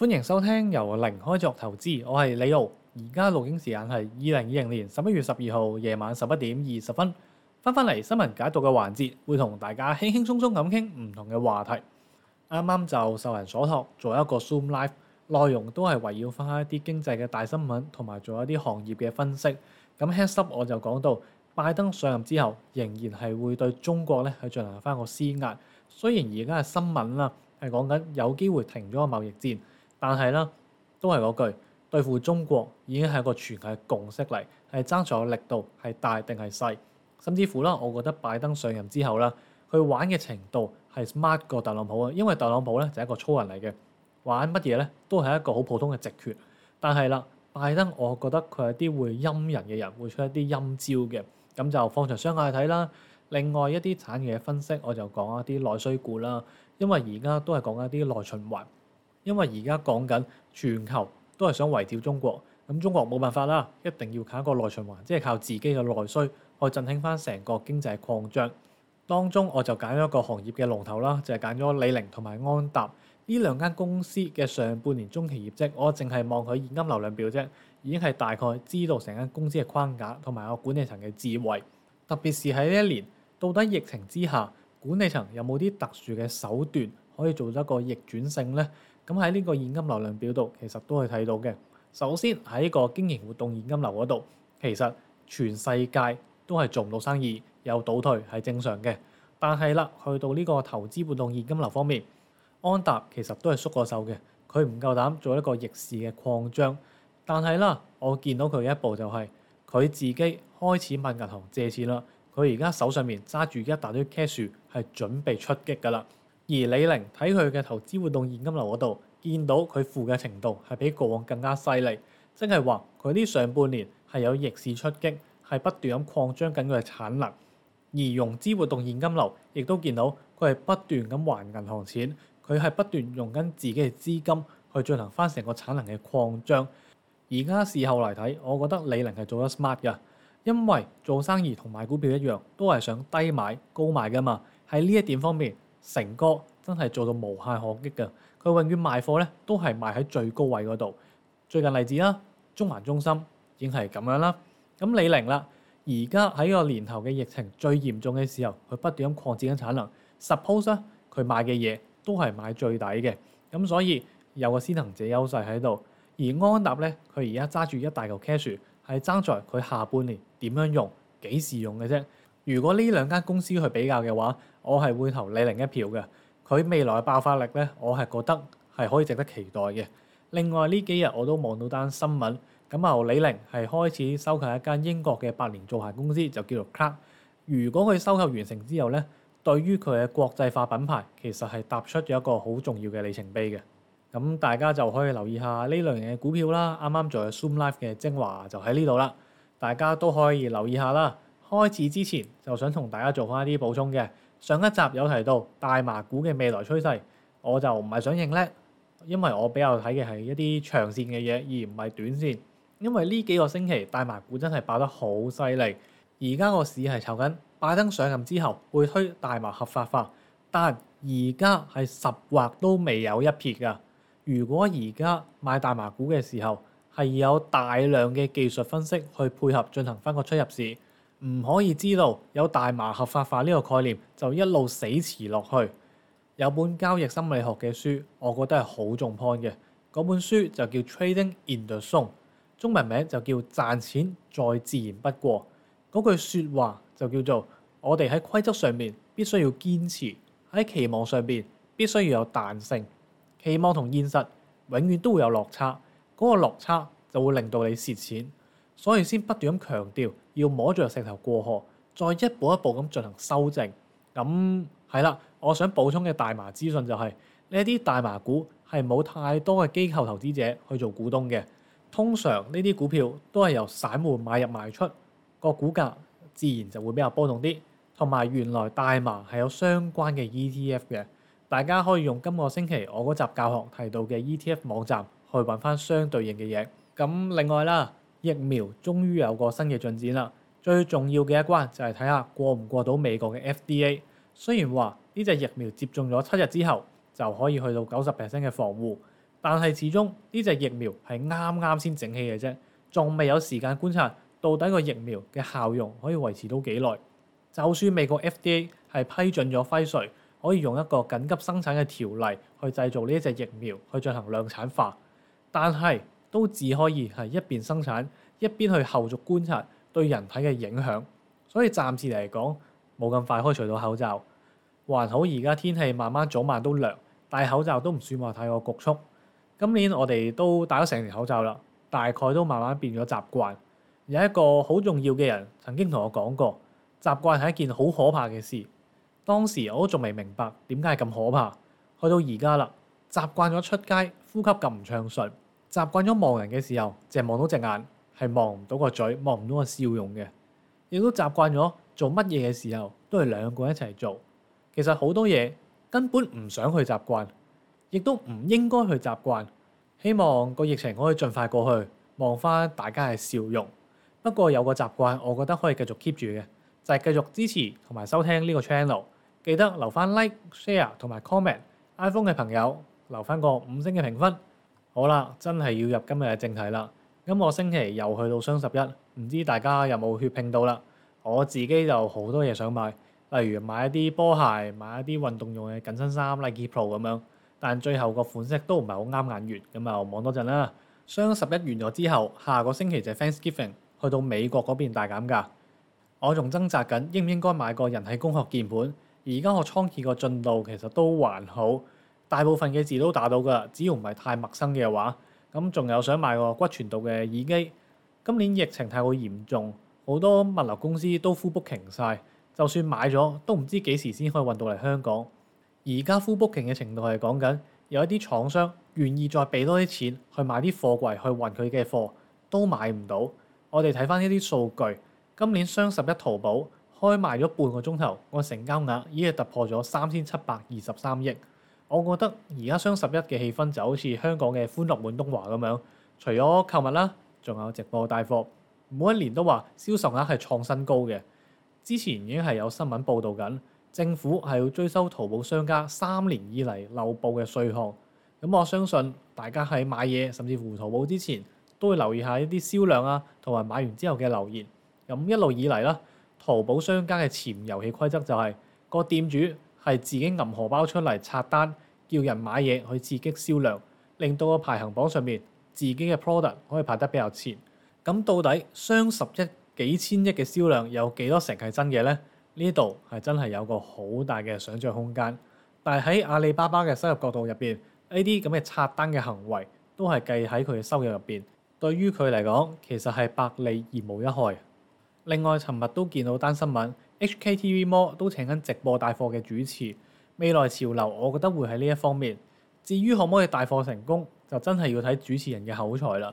歡迎收聽由零開作投資，我係李奧。而家錄影時間係二零二零年十一月十二號夜晚十一點二十分。翻返嚟新聞解讀嘅環節，會同大家輕輕鬆鬆咁傾唔同嘅話題。啱啱就受人所託做一個 Zoom Live，內容都係圍繞翻一啲經濟嘅大新聞，同埋做一啲行業嘅分析。咁 heads up 我就講到，拜登上任之後仍然係會對中國咧去進行翻個施壓。雖然而家嘅新聞啦係講緊有機會停咗個貿易戰。但係咧，都係嗰句，對付中國已經係個全球嘅共識嚟，係爭取嘅力度係大定係細，甚至乎啦，我覺得拜登上任之後咧，佢玩嘅程度係 smart 過特朗普啊，因為特朗普咧就係一個粗人嚟嘅，玩乜嘢咧都係一個好普通嘅直拳。但係啦，拜登我覺得佢係啲會陰人嘅人，會出一啲陰招嘅，咁就放長雙眼睇啦。另外一啲產業嘅分析，我就講一啲內需股啦，因為而家都係講一啲內循環。因為而家講緊全球都係想圍剿中國，咁中國冇辦法啦，一定要靠一個內循環，即係靠自己嘅內需去振興翻成個經濟擴張。當中我就揀咗一個行業嘅龍頭啦，就係揀咗李寧同埋安踏呢兩間公司嘅上半年中期業績。我淨係望佢現金流量表啫，已經係大概知道成間公司嘅框架同埋我管理層嘅智慧。特別是喺呢一年，到底疫情之下管理層有冇啲特殊嘅手段可以做一個逆轉性呢？咁喺呢個現金流量表度，其實都可以睇到嘅。首先喺個經營活動現金流嗰度，其實全世界都係做唔到生意，有倒退係正常嘅。但係啦，去到呢個投資活動現金流方面，安踏其實都係縮過手嘅，佢唔夠膽做一個逆市嘅擴張。但係啦，我見到佢一步就係、是、佢自己開始問銀行借錢啦。佢而家手上面揸住一大堆 cash，係準備出擊㗎啦。而李寧睇佢嘅投資活動現金流嗰度，見到佢負嘅程度係比過往更加犀利，即係話佢呢上半年係有逆市出擊，係不斷咁擴張緊佢嘅產能。而融資活動現金流亦都見到佢係不斷咁還銀行錢，佢係不斷用緊自己嘅資金去進行翻成個產能嘅擴張。而家事後嚟睇，我覺得李寧係做得 smart 嘅，因為做生意同買股票一樣，都係想低買高買㗎嘛。喺呢一點方面。成哥真係做到無懈可擊嘅，佢永遠賣貨咧都係賣喺最高位嗰度。最近例子啦，中環中心已經係咁樣啦。咁李寧啦，而家喺個年頭嘅疫情最嚴重嘅時候，佢不斷咁擴展緊產能。 Suppose 啦，佢賣嘅嘢都係賣最底嘅，咁所以有個先行者優勢喺度。而安踏咧，佢而家揸住一大嚿 cash，係爭在佢下半年點樣用，幾時用嘅啫。如果呢兩間公司去比較嘅話，我係會投李寧一票嘅。佢未來爆發力咧，我係覺得係可以值得期待嘅。另外呢幾日我都望到單新聞，咁啊李寧係開始收購一間英國嘅百年造鞋公司，就叫做 Clarks。如果佢收購完成之後咧，對於佢嘅國際化品牌，其實係踏出咗一個好重要嘅里程碑嘅。咁大家就可以留意下呢類型嘅股票啦。啱啱做咗 Zoom Live 嘅精華就喺呢度啦，大家都可以留意下啦。開始之前就想同大家做翻一啲補充嘅。上一集有提到大麻股嘅未來趨勢，我就唔係想認叻，因為我比較睇嘅係一啲長線嘅嘢，而唔係短線。因為呢幾個星期大麻股真係爆得好犀利，而家個市係籌緊拜登上任之後會推大麻合法化，但而家係十劃都未有一撇㗎。如果而家買大麻股嘅時候係有大量嘅技術分析去配合進行翻個出入市。唔可以知道有大麻合法化呢個概念就一路死持落去。有本交易心理學嘅書，我覺得係好重 point 嘅。本書就叫《Trading in the Zone》。中文名就叫《賺錢再自然不過》。嗰句說話就叫做：我哋喺規則上面必須要堅持，喺期望上面必須要有彈性。期望同現實永遠都會有落差，嗰個落差就會令到你蝕錢，所以先不斷咁強調。要摸着石頭過河，再一步一步咁進行修正。咁係啦，我想補充嘅大麻資訊就係呢啲大麻股係冇太多嘅機構投資者去做股東嘅，通常呢啲股票都係由散戶買入賣出，個股價自然就會比較波動啲。同埋原來大麻係有相關嘅 ETF 嘅，大家可以用今個星期我嗰集教學提到嘅 ETF 網站去揾翻相對應嘅嘢。咁、嗯、另外啦。疫苗終於有個新嘅進展啦！最重要嘅一關就係睇下過唔過到美國嘅 FDA。雖然話呢隻疫苗接種咗七日之後就可以去到九十 percent 嘅防護，但係始終呢隻疫苗係啱啱先整起嘅啫，仲未有時間觀察到底個疫苗嘅效用可以維持到幾耐。就算美國 FDA 係批准咗輝瑞可以用一個緊急生產嘅條例去製造呢一隻疫苗去進行量產化，但係都只可以係一邊生產一邊去後續觀察對人體嘅影響，所以暫時嚟講冇咁快開除到口罩。還好而家天氣慢慢早晚都涼，戴口罩都唔算話太過局促。今年我哋都戴咗成條口罩啦，大概都慢慢變咗習慣。有一個好重要嘅人曾經同我講過，習慣係一件好可怕嘅事。當時我都仲未明白點解咁可怕，去到而家啦，習慣咗出街呼吸咁唔暢順。習慣咗望人嘅時候，淨係望到隻眼，係望唔到個嘴，望唔到個笑容嘅。亦都習慣咗做乜嘢嘅時候，都係兩個一齊做。其實好多嘢根本唔想去習慣，亦都唔應該去習慣。希望個疫情可以盡快過去，望翻大家嘅笑容。不過有個習慣，我覺得可以繼續 keep 住嘅，就係繼續支持同埋收聽呢個 channel。記得留翻 like、share 同埋 comment。iPhone 嘅朋友留翻個五星嘅評分。好啦，真係要入今日嘅正題啦。今個星期又去到雙十一，唔知大家有冇血拼到啦？我自己就好多嘢想買，例如買一啲波鞋，買一啲運動用嘅緊身衫、Nike Pro 咁樣。但最後個款式都唔係好啱眼緣，咁就望多陣啦。雙十一完咗之後，下個星期就 Thanksgiving，去到美國嗰邊大減價。我仲掙扎緊應唔應該買個人體工學鍵盤，而家我倉頡個進度其實都還好。大部分嘅字都打到㗎，只要唔係太陌生嘅話，咁仲有想買個骨傳導嘅耳機。今年疫情太過嚴重，好多物流公司都 full booking 晒，就算買咗都唔知幾時先可以運到嚟香港。而家 full booking 嘅程度係講緊有一啲廠商願意再俾多啲錢去買啲貨櫃去運佢嘅貨都買唔到。我哋睇翻呢啲數據，今年雙十一淘寶開賣咗半個鐘頭，個成交額已經突破咗三千七百二十三億。我覺得而家雙十一嘅氣氛就好似香港嘅歡樂滿東華咁樣，除咗購物啦，仲有直播帶貨，每一年都話銷售額係創新高嘅。之前已經係有新聞報導緊，政府係要追收淘寶商家三年以嚟漏報嘅稅項。咁我相信大家喺買嘢甚至乎淘寶之前，都會留意下一啲銷量啊，同埋買完之後嘅留言。咁一路以嚟啦，淘寶商家嘅潛遊戲規則就係個店主。係自己揜荷包出嚟刷單，叫人買嘢去刺激銷量，令到個排行榜上面自己嘅 product 可以排得比較前。咁到底雙十一幾千億嘅銷量有幾多成係真嘅呢？呢度係真係有個好大嘅想像空間。但係喺阿里巴巴嘅收入角度入邊，呢啲咁嘅刷單嘅行為都係計喺佢嘅收入入邊。對於佢嚟講，其實係百利而無一害。另外，尋日都見到單新聞。HKTV Mall 都請緊直播帶貨嘅主持，未來潮流，我覺得會喺呢一方面。至於可唔可以帶貨成功，就真係要睇主持人嘅口才啦。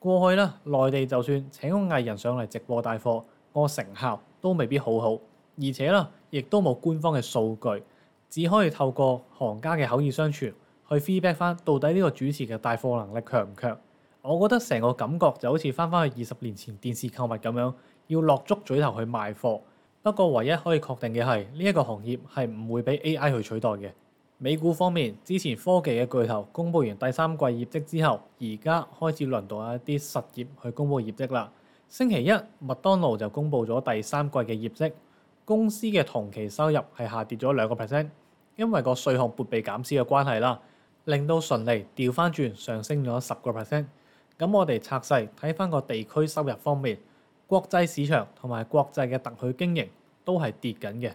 過去咧，內地就算請個藝人上嚟直播帶貨，個成效都未必好好，而且咧亦都冇官方嘅數據，只可以透過行家嘅口耳相傳去 feedback 翻到底呢個主持嘅帶貨能力強唔強。我覺得成個感覺就好似翻翻去二十年前電視購物咁樣，要落足嘴頭去賣貨。不過，唯一可以確定嘅係呢一個行業係唔會俾 AI 去取代嘅。美股方面，之前科技嘅巨頭公布完第三季業績之後，而家開始輪到一啲實業去公布業績啦。星期一，麥當勞就公布咗第三季嘅業績，公司嘅同期收入係下跌咗兩個 percent，因為個稅項撥備減少嘅關係啦，令到純利掉返轉上升咗十個 percent。咁我哋拆細睇翻個地區收入方面。國際市場同埋國際嘅特許經營都係跌緊嘅，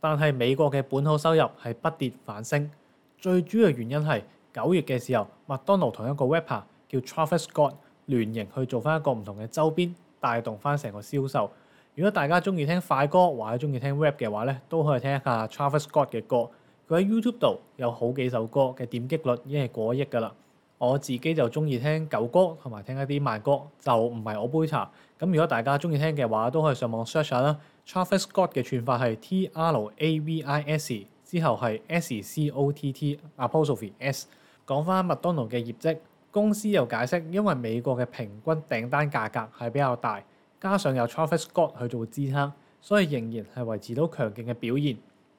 但係美國嘅本土收入係不跌反升。最主要原因係九月嘅時候，麥當勞同一個 rapper 叫 Travis Scott 聯營去做翻一個唔同嘅周邊，帶動翻成個銷售。如果大家中意聽快歌或者中意聽 rap 嘅話咧，都可以聽一下 Travis Scott 嘅歌。佢喺 YouTube 度有好幾首歌嘅點擊率已經係過億噶啦。我自己就中意聽舊歌同埋聽一啲慢歌，就唔係我杯茶。咁如果大家中意聽嘅話，都可以上網 search 下啦。Travis Scott 嘅串法係 T R A V I S 之後係 S C O T T Apostrophe S。講翻麥當勞嘅業績，公司又解釋因為美國嘅平均訂單價格係比較大，加上有 Travis Scott 去做支撐，所以仍然係維持到強勁嘅表現。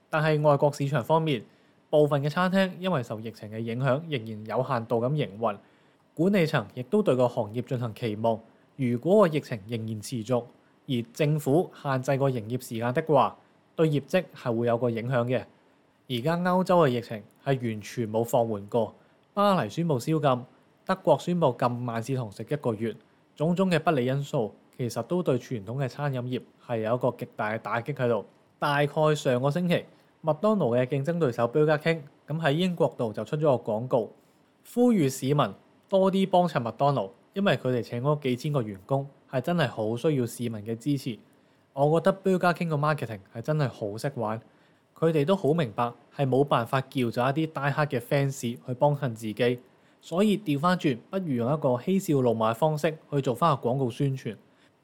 但係外國市場方面，部分嘅餐廳因為受疫情嘅影響，仍然有限度咁營運，管理層亦都對個行業進行期望。如果個疫情仍然持續，而政府限制個營業時間的話，對業績係會有個影響嘅。而家歐洲嘅疫情係完全冇放緩過，巴黎宣布宵禁，德國宣布禁晚市堂食一個月，種種嘅不利因素其實都對傳統嘅餐飲業係有一個極大嘅打擊喺度。大概上個星期。麥當勞嘅競爭對手 Burger King 咁喺英國度就出咗個廣告，呼籲市民多啲幫襯麥當勞，因為佢哋請嗰幾千個員工係真係好需要市民嘅支持。我覺得 Burger King 個 marketing 係真係好識玩，佢哋都好明白係冇辦法叫咗一啲 die hard 黑嘅 fans 去幫襯自己，所以調翻轉不如用一個嬉笑怒罵嘅方式去做翻個廣告宣傳，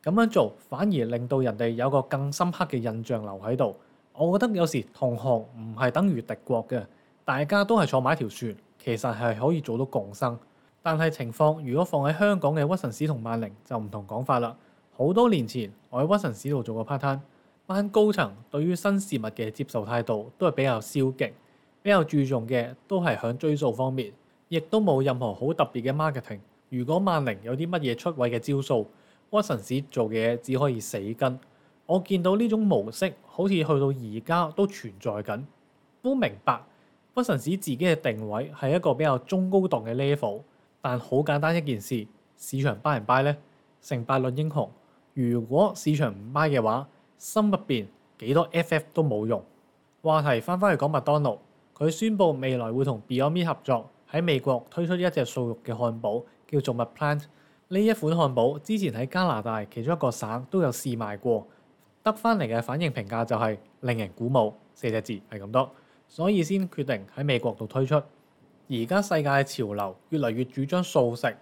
咁樣做反而令到人哋有個更深刻嘅印象留喺度。我覺得有時同行唔係等於敵國嘅，大家都係坐埋一條船，其實係可以做到共生。但係情況如果放喺香港嘅屈臣氏同萬寧就唔同講法啦。好多年前我喺屈臣氏度做過 part time，班高層對於新事物嘅接受態度都係比較消極，比較注重嘅都係響追數方面，亦都冇任何好特別嘅 marketing。如果萬寧有啲乜嘢出位嘅招數，屈臣氏做嘅嘢只可以死跟。我見到呢種模式好似去到而家都存在緊。都明白屈臣氏自己嘅定位係一個比較中高檔嘅 level，但好簡單一件事，市場 buy 唔 buy 呢？成敗論英雄。如果市場唔 buy 嘅話，心入邊幾多 FF 都冇用。話題翻返去講麥當勞，佢宣布未來會同 Beyond Meat 合作喺美國推出一隻素肉嘅漢堡，叫做麥 Plant。呢 Pl 一款漢堡之前喺加拿大其中一個省都有試賣過。得翻嚟嘅反應評價就係令人鼓舞，四隻字係咁多，所以先決定喺美國度推出。而家世界潮流越嚟越主張素食。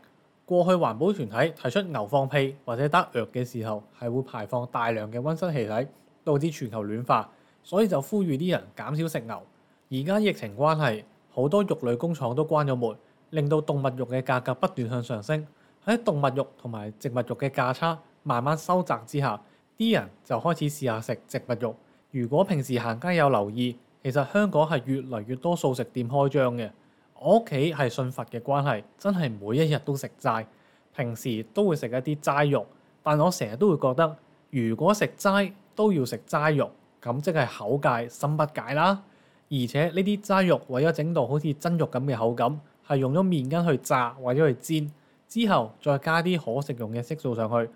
過去環保團體提出牛放屁或者得藥嘅時候係會排放大量嘅溫室氣體，導致全球暖化，所以就呼籲啲人減少食牛。而家疫情關係，好多肉類工廠都關咗門，令到動物肉嘅價格不斷向上升。喺動物肉同埋植物肉嘅價差慢慢收窄之下。啲人就開始試下食植物肉。如果平時行街有留意，其實香港係越嚟越多素食店開張嘅。我屋企係信佛嘅關係，真係每一日都食齋，平時都會食一啲齋肉。但我成日都會覺得，如果食齋都要食齋肉，咁即係口戒心不解心不戒啦。而且呢啲齋肉為咗整到好似真肉咁嘅口感，係用咗麵筋去炸或者去煎，之後再加啲可食用嘅色素上去。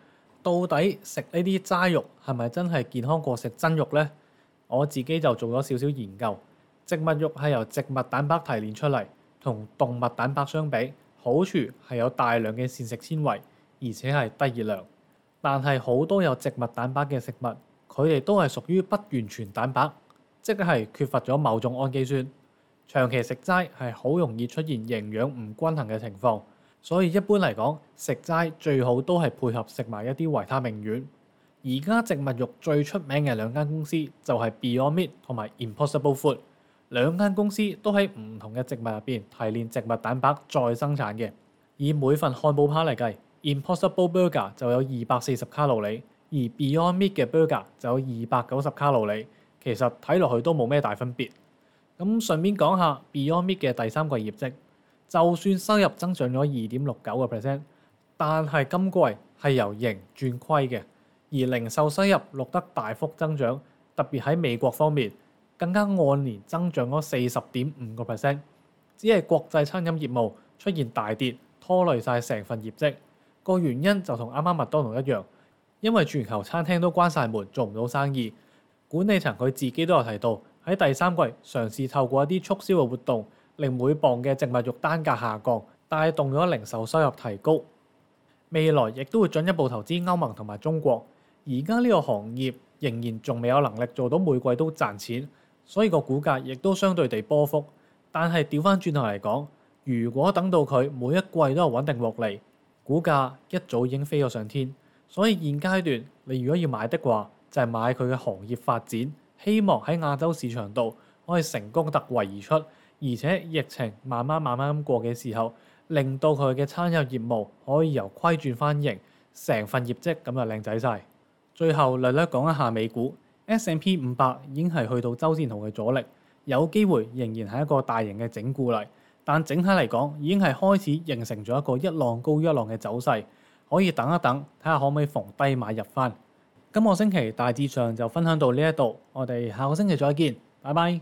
到底食呢啲齋肉係咪真係健康過食真肉呢？我自己就做咗少少研究，植物肉係由植物蛋白提煉出嚟，同動物蛋白相比，好處係有大量嘅膳食纖維，而且係低熱量。但係好多有植物蛋白嘅食物，佢哋都係屬於不完全蛋白，即係缺乏咗某種氨基酸。長期食齋係好容易出現營養唔均衡嘅情況。所以一般嚟講，食齋最好都係配合食埋一啲維他命丸。而家植物肉最出名嘅兩間公司就係 Beyond Meat 同埋 Impossible Food。兩間公司都喺唔同嘅植物入邊提煉植物蛋白再生產嘅。以每份漢堡扒嚟計，Impossible Burger 就有二百四十卡路里，而 Beyond Meat 嘅 Burger 就有二百九十卡路里。其實睇落去都冇咩大分別。咁順便講下 Beyond Meat 嘅第三季業績。就算收入增長咗二點六九個 percent，但係今季係由盈轉虧嘅，而零售收入錄得大幅增長，特別喺美國方面更加按年增長咗四十點五個 percent，只係國際餐飲業務出現大跌，拖累晒成份業績。個原因就同啱啱麥當勞一樣，因為全球餐廳都關晒門，做唔到生意。管理層佢自己都有提到，喺第三季嘗試透過一啲促銷嘅活動。令每磅嘅植物肉單價下降，帶動咗零售收入提高。未來亦都會進一步投資歐盟同埋中國。而家呢個行業仍然仲未有能力做到每季都賺錢，所以個股價亦都相對地波幅。但係調翻轉頭嚟講，如果等到佢每一季都有穩定獲利，股價一早已經飛咗上天。所以現階段你如果要買的話，就係買佢嘅行業發展，希望喺亞洲市場度可以成功突圍而出。而且疫情慢慢慢慢過嘅時候，令到佢嘅餐飲業務可以由虧轉翻盈，成份業績咁就靚仔晒。最後略略講一下美股，S&P 五百已經係去到周線圖嘅阻力，有機會仍然係一個大型嘅整固嚟，但整體嚟講已經係開始形成咗一個一浪高一浪嘅走勢，可以等一等睇下可唔可以逢低買入翻。今個星期大致上就分享到呢一度，我哋下個星期再見，拜拜。